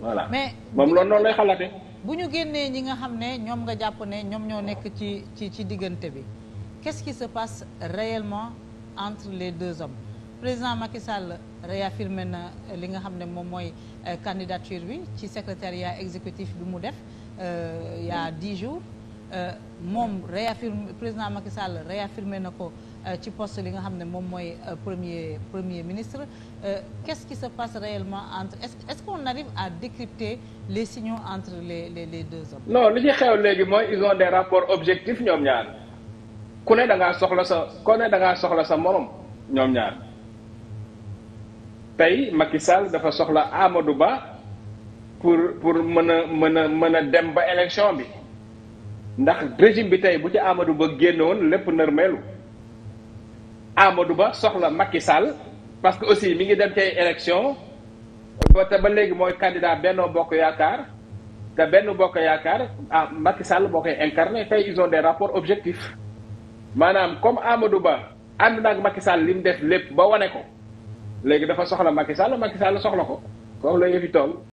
voilà moom loolu noonu lay xalaatee. bu ñu génnee ñi nga xam ne ñoom nga jàpp ne ñoom ñoo nekk ci ci ci diggante bi quest ci qui se passe réellement entre les deux hommes président Macky Sall réaffirmé na euh, li nga xam ne moom mooy euh, candidature bi ci secrétariat exécutif bi mu def euh, il y a dix jours moom réaffirme président Macky Sall réaffirmé na ko. Euh, ci poste li nga xam ne moom mooy euh, premier premier ministre euh, qu'est-ce qui se passe réellement entre est-ce est-ce arrive à décrypter les signaux entre les les les deux hommes non li ñu xew léegi mooy ils ont rapport rapports objectifs ñoom ñaar ku ne danga soxla sa kone ne da ngaa soxla sa morom ñoom ñaar tey Macky Sall dafa soxla Amadou Ba pour pour mën a mën a mën a dem ba élection bi ndax régime bi tey bu ci Amadou Ba génnoon lépp nërmeelu Amadou Ba soxla Macky Sall parce que aussi mi ngi dem ci ay élection ba te ba léegi mooy candidat Benno Bokk Yaakaar te benn Bokk Yaakaar ah Macky Sall boo koy incarné tey ils ont des rapports objectifs maanaam comme Amadou Ba ànd naag Macky Sall li mu def lépp ba wane ko léegi dafa soxla Macky Sall Macky Sall soxla ko foofu la yëfi toll